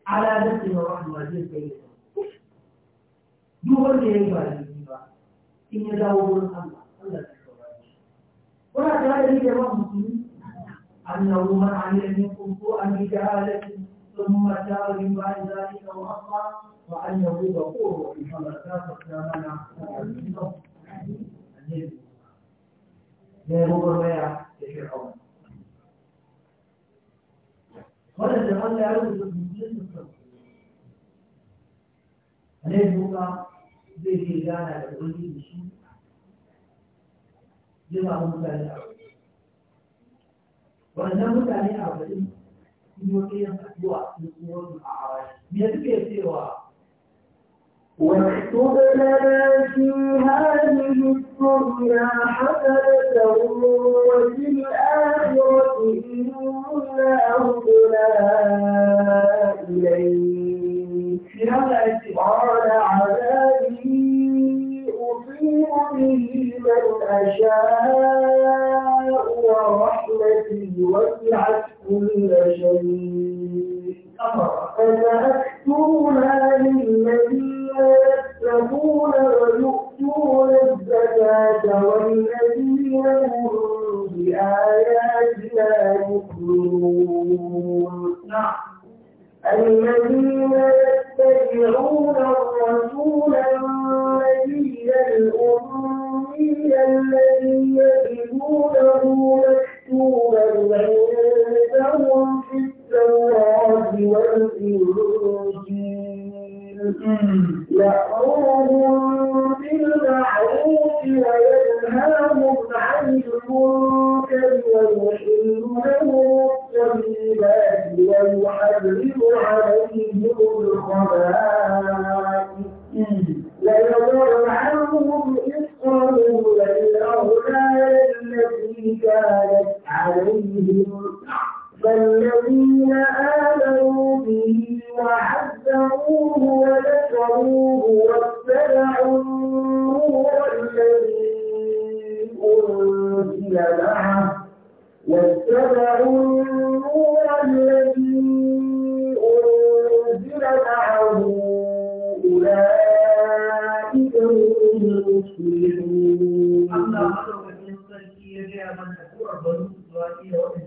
على نفسه الرحمة زي كده يقول لي ايه بقى إن يدعو الله الله ولا تعالى لي يا مسلمين أنه من عمل منكم سوءا بجهالة ثم تاب من بعد ذلك وأصلح وأنه غفور رحيم لا تسلمنا ne gwagwarmaya da shir'aun. Waɗanda Allah ya rubuta musulunci sun a ne duka zai ke gana da wani da shi ya samu mutane a Waɗannan mutane a bari sun yi wata yin addu'a sun a Me cewa واكتب لنا في هذه الدنيا حسنة وفي الآخرة إنا هدنا إليك قال عذابي أصيب به من أشاء ورحمتي وسعت كل شيء فسأكتبها للنبي يتقون ويؤتون الزكاة والذين هم بآياتنا يؤمنون الذين يتبعون الرسول النبي الأمي الذي يجدونه مكتوبا عندهم في التوراة والإنجيل يأمرهم بالمعروف وينهاهم عن المنكر ويحل لهم الطيبات ويحرم عليهم الخبائث ويضع عنهم إصرهم والأغلال التي كانت عليهم فالذين آمنوا به وعزروه وذكروه واتبعوا النور الذي أنزل معه واتبعوا النور الذي أنزل معه أولئك هم المسلمون. الله أكبر من الصلاة يا جماعة، أقول أبو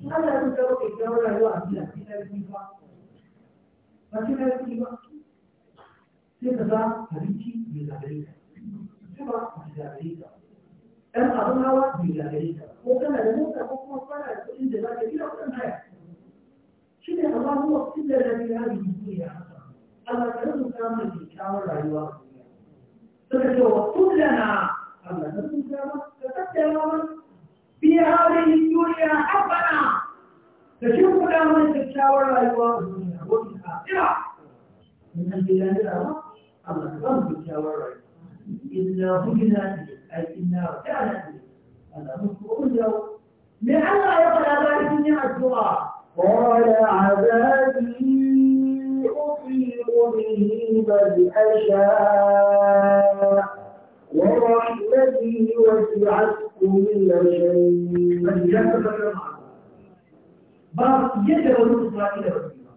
in a gida sai ƙarfi ba ba sai ba sai ka ka ko da ko kuma da da da yi ka rayuwa suka ce wa في هذه الدنيا حسنة تشوف لهم تتشاور الأيوة من الآخرة من الآخرة الله كم تتشاور إلا هجنا أي إنا وكانت أنا مسؤول له لأن يقل هذا الدنيا الدعاء قال عذابي أطيق به بل أشاء ورحمتي وسعت كل شيء ba yadda wani musulmani da wasu ba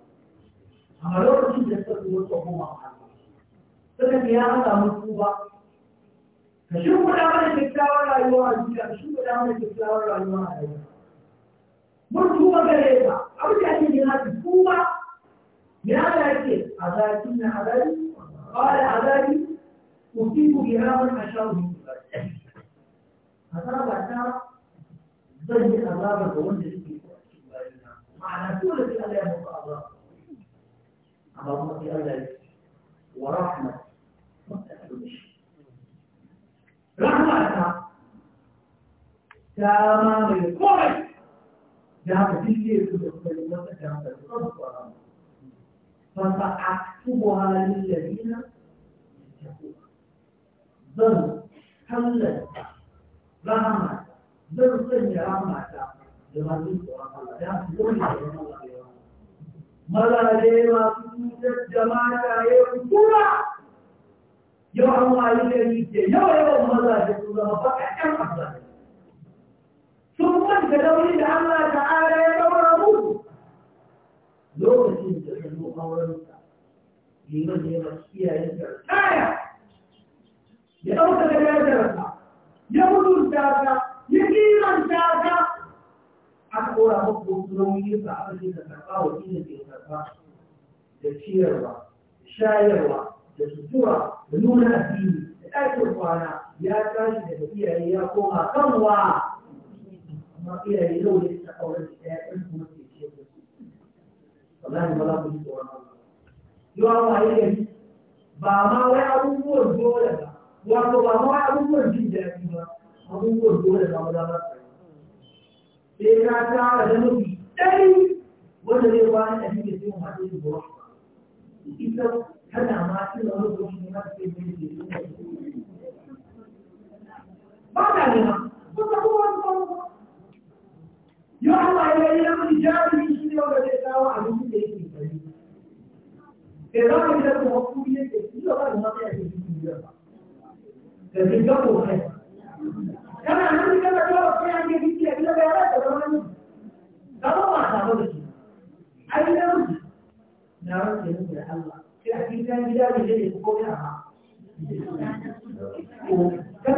amma lokacin da suka zuwa tsohon masu suka ne ya haɗa musu ba ka shi kuɗa mana kyakkyawar rayuwa a duniya ka shi kuɗa mana kyakkyawar rayuwa a duniya mun tuba gare ka abin da ake yin haka tuba ya da yake azabi na azabi ba da azabi أصيب بها من أشاء من أصابتنا زي أصابة وندرس في معنى سورة الله يبقى الله عظمة الله ورحمة رحمة تمام الكل جاب تيجي فسأكتبها للذين zan tallata rahama zan sanya rahama ta da masu tsoron Allah ya fi wani da yawan Allah Malale masu cutar da mata ya kura yau an wayi gari ke yawa yawan maza da su zama bakakken maza sun manta dauri da Allah ta'ala ya daura musu lokacin da ta zo aurenka liman ne ma da karkaya يتوقع لك يقول الشاذة يقين الشاذة أنا أقول أبوك بطلوني فأبدي تتقى وإن تتقى تشيروا شايروا تسطورة بنون أبيه تأكل فانا يا تاشي تبقية يا كوما كموا ما إلى يلو يستقوا لك أنتم تشيروا والله ما لا بيسوا الله يوم ما يجي بابا ويا أبوه دولة wato ba ma abubuwan jin daɗi ba abubuwan dole ba za ba sai ka tara da mafi ɗari wanda zai kwana da cikin masu yin zuwa ita tana ma tuna wani zuwa ne masu yin zuwa ne ba ta nema ba ta kuma wani kwanwa ba yau Allah ya yi namiji jami'i shi ne wanda zai kawo abinci da yake kari. Ke za mu yi da kuma kuma yake, shi ba za mu mata cikin gidan ba. da sun ga kokai kana nan da kaga ta sai an ga biki a gidan yara da zama ne zama ba ta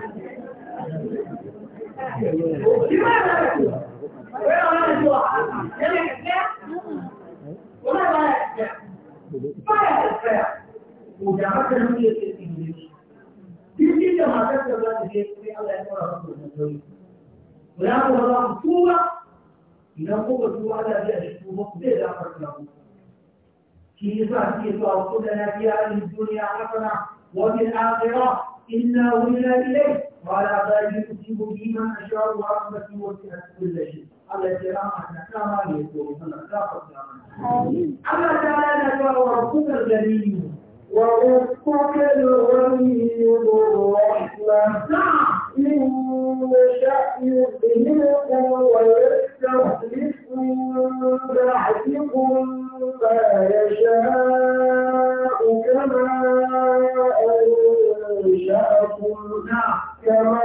kai idan ko ba tuwa da biya shi ko ba zai da farko ku shi yasa ke zuwa ko da na biya ni duniya hasana wa bil akhirah إلا ولا إليه وعلى ذلك أصيب به من أشاء ورحمتي وسعت كل شيء على كرام أنك ما يكون من أخلاق أما تعالى وربك الجليل ورزقك الغني بالرحمة نعم. إن شاء يذهبكم ويستخلف من بعدكم ما يشاء كما أنزل أنشأكم كما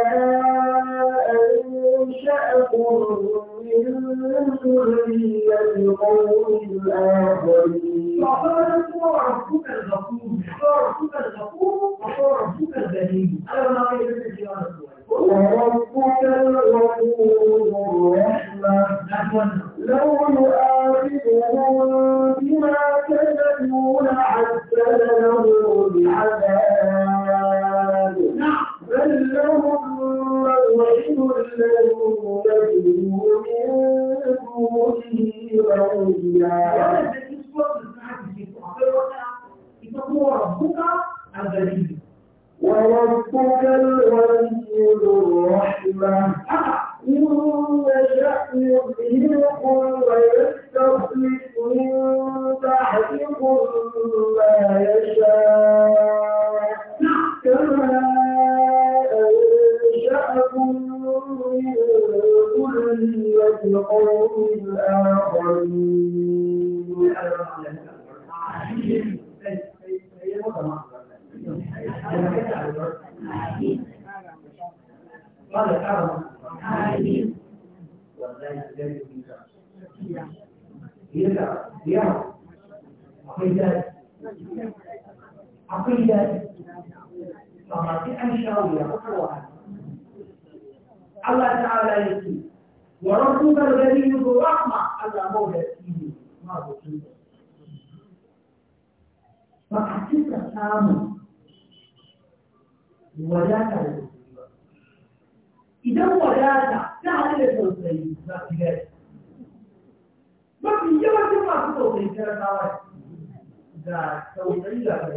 da saurayya ba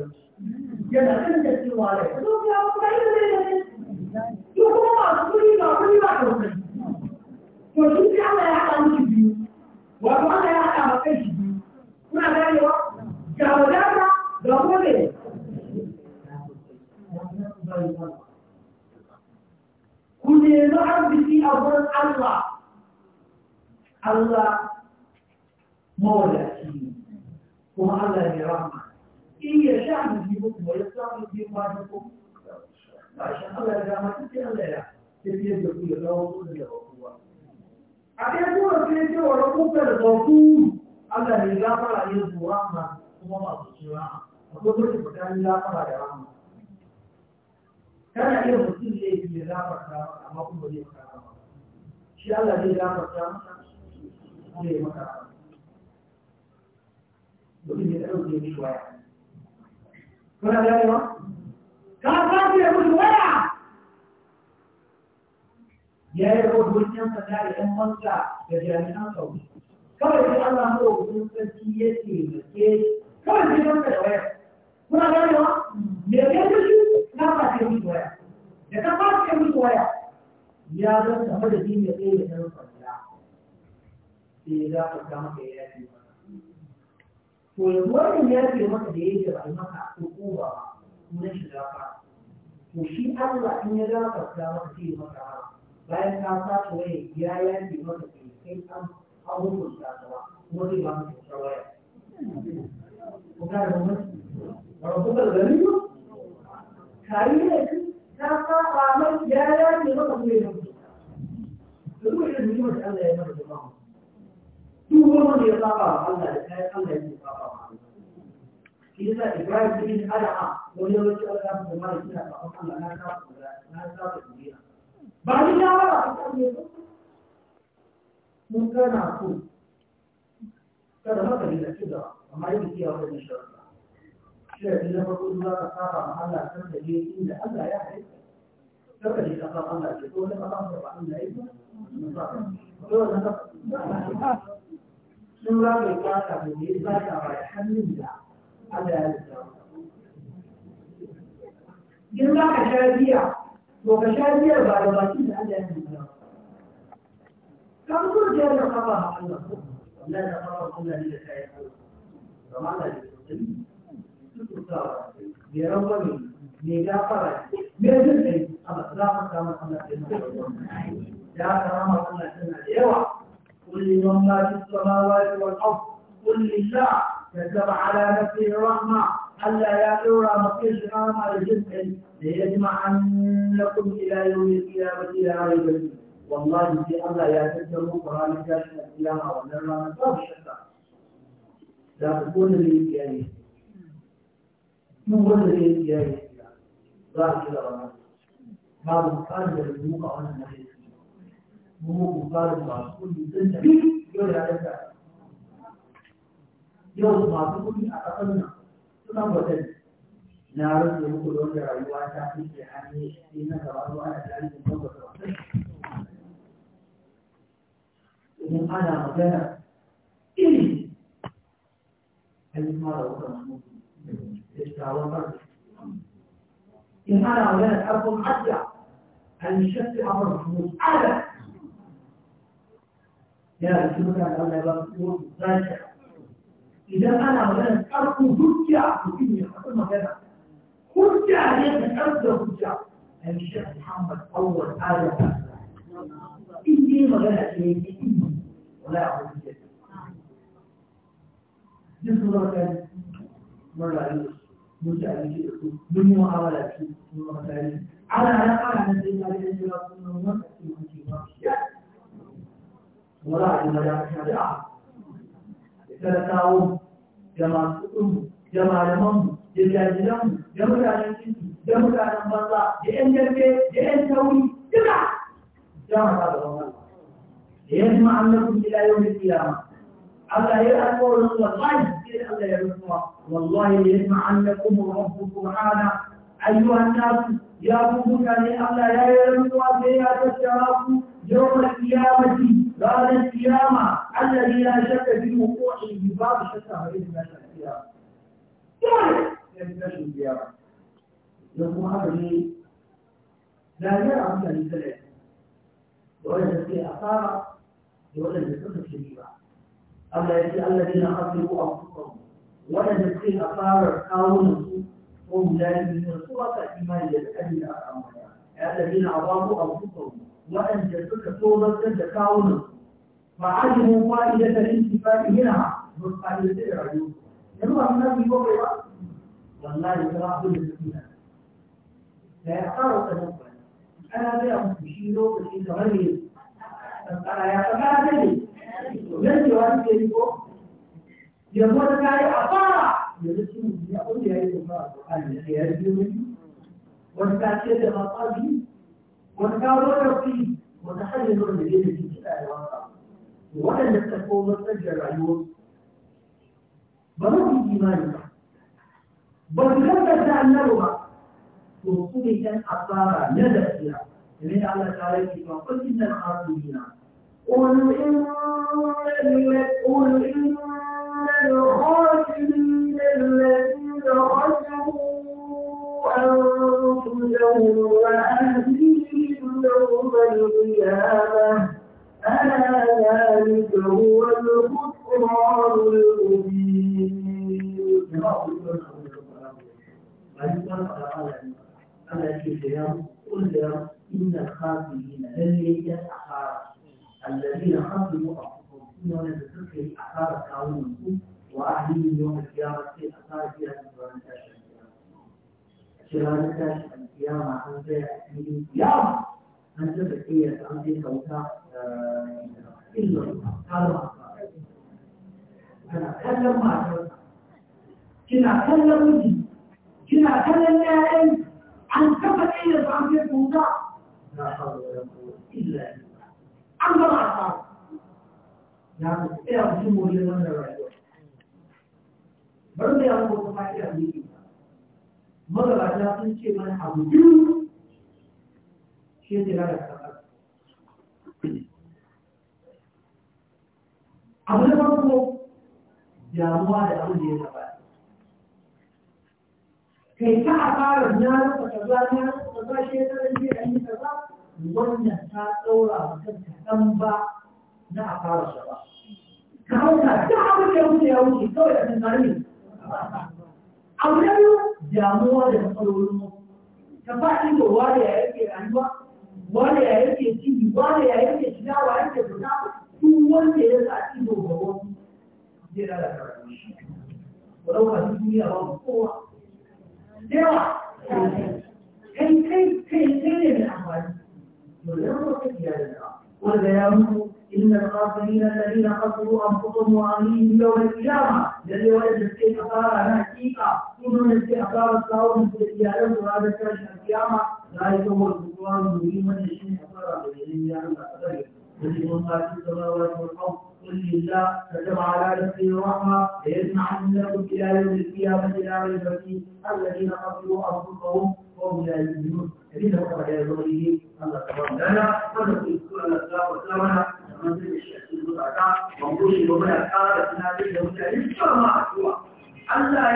yana kan da cewa da ka zo ya ku kai da ne to kuma ba ku ni ba ku ni ba to to shi sai Allah ya haɗa miki biyu wato Allah ya haɗa maka shi biyu kuna ganewa ga wadata ga kuma ne ku nemi arziki a wurin Allah Allah mawadaci kuma Allah ne rahama in ya sha mu ji muku wa ya sa mu ji ma da ku ba shi Allah ya ma sai Allah ya sai ya da ku ya dawo ku da kowa a kai ku sai ce wa ku ka da ku Allah ya ma kuma ba su jira akwai wani mutane ya fara rahama kana iya mutum ne ya zafarta amma kuma zai fara shi Allah zai zafarta masa ne maka rahama 我那天都跟你说呀，我俩战友，刚才也不说呀。也，我昨天参加的活动上，就是俺们战友，他们讲了我，我们说第一点，第一，他们是怎么说的？我俩战也别说，刚才也没说呀，也他妈也没说呀。人家怎么的，第一点就是说呀，第二讲给。to yanzu wannan ya ce maka da yake ba maka hukuma na shiga fa to shi Allah in ya ga ka ga maka ce maka bayan ka sace waye ya ya ce maka ce kai an abubuwan da ka ba kuma zai ba mu kyautar waya ko ka da mun rabbul gani kai ne ka saba mai ya ya ce maka ce ne to duk da mutum Allah ya maka jama'a duk wanda ya saba Allah ya kai Allah ya saba shi yasa Ibrahim bin Adama wani yawanci Allah da mai kira ba Allah na ka na ka duniya ba ni ya ba ka ne mun kana ku kada ma ka da gaba amma yake kiyaye wannan shari'a shi ya ne na farko za ka saba ma Allah san da ne inda Allah ya haifa kada ka kafa Allah ce ko na ba Allah ba Allah ya ba to na ka sun ga ka ka ne ba ka ba hannun da Idan za ka sha biya to ka sha biyar ba da bakin da Allah ya nuna kan kuma da kafa ba Allah Allah da kafa Allah ne da kai kuma Allah ne da kai ne rawa ne ne gafara me zai kai amma za mu samu Allah da mu ya karama Allah tana da yawa kullu man la tisma wa al-ard kullu كتب على نفسه الرحمة ألا يأتوا مكيش رحمة لجمع ليجمع أنكم إلى يوم القيامة لا ريب فيه والله في الله يا يأتوا قرآن كاشف القيامة ونرى نصاب الشفاعة لا تكون لي في أي للقيامة من غير للقيامة ذلك الأمر ما بمكان للموقع أن نحن موقع مقارن مع كل سنة يقول هذا yau masu kuɗi a ƙasar nan suna gwatan na rage muku da wanda rayuwa ta fi ke hannu sai na gaba zuwa ana tarihin tabbata wasan idan ana magana iri an fara wuka mutu da shawar barci in ana magana ƙarfin hajja an shafi a barci ala yana da shi mutane Allah ya ba su yi wasu zaciya idan ana magana karfin hujja mutum ya faɗi magana hujja ne da karfin hujja a yi shi Muhammad awwal ayata in dai magana ce ya ke yi wala a hujja duk su zama kan mara yi mun ci abinci da su mun yi mu'amala su mun zama tare ana nan ana nan sai tare da jira kuma wani a cikin mutum ba wala a yi magana ta da'a talakawo da masu ɗinmu da malamanmu da jajiranmu da mutanen kinki da mutanen banza da ƴan jarfe da ƴan tauri duka jama'a ta gaban Allah da ya zama annabin ila yau da kiyama Allah ya alƙawarin wallahi sai Allah ya rufuwa wallahi ya zama annakum rabbukum hana ayyuhan nasu ya ku mutane Allah ya yi rufuwa sai ya tattara ku yawmal qiyamati بعد القيامة الذي لا شك في وقوعه بباب شتى بين الناس القيامة. دول ينتج القيامة. يقوم هذه لا يرى من الجلد ولا في أثار ولا في شديدة. أما الذين قتلوا أنفسهم ولا في أثار كونهم هم لا يؤمنون صورة إيمان الذين أمرنا الذين أضافوا أنفسهم waɗanda suka tsoratar da kawunan ba a yi mun fa'ida da intifa'i yana ba fa'ida da rayu yanzu ba suna bi ko bai ba wallahi ta ba abin da suke da da ya fara wata nan ba ana zai a mutu shi lokaci kamar ne tsara ya tsara da ne yanzu yawa suke yi ko yanzu wata kayi a fara yanzu shi ne ya ƙungiya ya yi kuma a ƙwaƙari ya yi biyu wata ta ce da matsari والآوار فيه متحلل الذين في كتاب ولن تكون مسجل عيون بلغي إيمانك بل لم تتعلمها وصولك أصار نذكرا من على ذلك فقل إن الخاسرين قل إن قل إن الخاسرين الذين خسروا أنفسهم وأهليهم يوم القيامة ألا ذلك هو الخسران المبين على الكتاب قل يا إن الخاسرين للي يسعى الذين خسروا أنفسهم إنهم لتذكر أثار تعاونهم وأهلهم يوم القيامة في أثار فيها من القيامة. شرارة القيامة عن ذلك القيامة أن تبقي أن تلك إلا هذا أنا أتكلم معك كنا أتكلم ودي كنا أتكلم يا أنت عن تبقي عن تلك لا حول ولا قوة إلا بالله عن الله يعني إيه أرجو لي من الرجوع برضه يا أبو من أبي مرة أجلس نشي من أبو shi ne lalata abu da farko damuwa da abu da ya taba kai ta a fara na rufa kaza na rufa kaza shi ya tsarin ce an yi kaza wannan ta ɗaura a kan kaɗan ba na a fara shi ba ka hauka ta abu da ya wuce ya wuce kawai a kan karni abu da biyu damuwa da matsalolin mu ta faɗi da wariya yake rayuwa wani ya yake cibi wani ya yake shiga wa yake fita duk wanda ya sa ido ga wani zai lalata shi ku ɗauka duniya ba kowa da yawa kai kai kai kai ne mai amfani to da yawa kai ya da wanda ya mutu إن الخاسرين الذين خسروا أنفسهم وأهليهم يوم القيامة الذي ولد السيء أثار أنا حقيقة إن الذي أثار الصاوم في الإيالات وهذا كاش القيامة ذلك هو الكفران المبين من الشيء أثار بالإيمان يعني أثره الذي هو في السماوات والأرض قل لله كتب على نفسه الرحمة ليجمع منكم إلى يوم القيامة إلى ريب فيه الذين خسروا أنفسهم وهم لا يؤمنون الذين خرج إلى الله تبارك لنا ونقول كل الأسباب وسلامنا Allah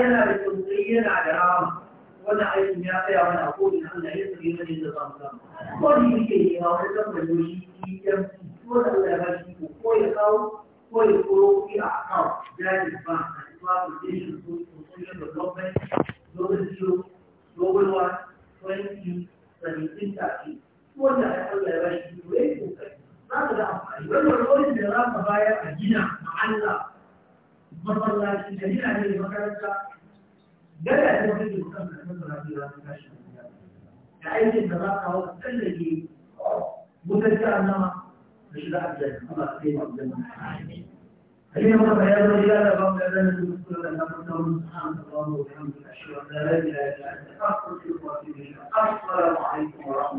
yana da tsautsayi yana da rama wannan aiki ya tsaya wani a Allah ya tsaye wani yadda za mu samu. yake yi ma wani zan bane shi TMC ko da Allah ya bashi ko ko ya kawo ko ya koro a account jari ba a kuma foundation ko social development global zero global one twenty seventeen thirty. Ko da Allah ya bashi ko ya yi kokari za ka ga amfani wannan wurin da za ka bayar a gina ma'alla masallaci da gina ne makaranta gada ne wani da kan da kan masallaci za ka tashi da aikin da za ka hau ka tsallake wutar jihar nama da shiga aljanna Allah ka kai ma aljanna أيها المتبعين الرجال رغم أذان المسؤول أن نقول سبحانك اللهم وبحمدك أشهد أن لا إله إلا أنت أستغفرك وأتوب إليك السلام عليكم ورحمة الله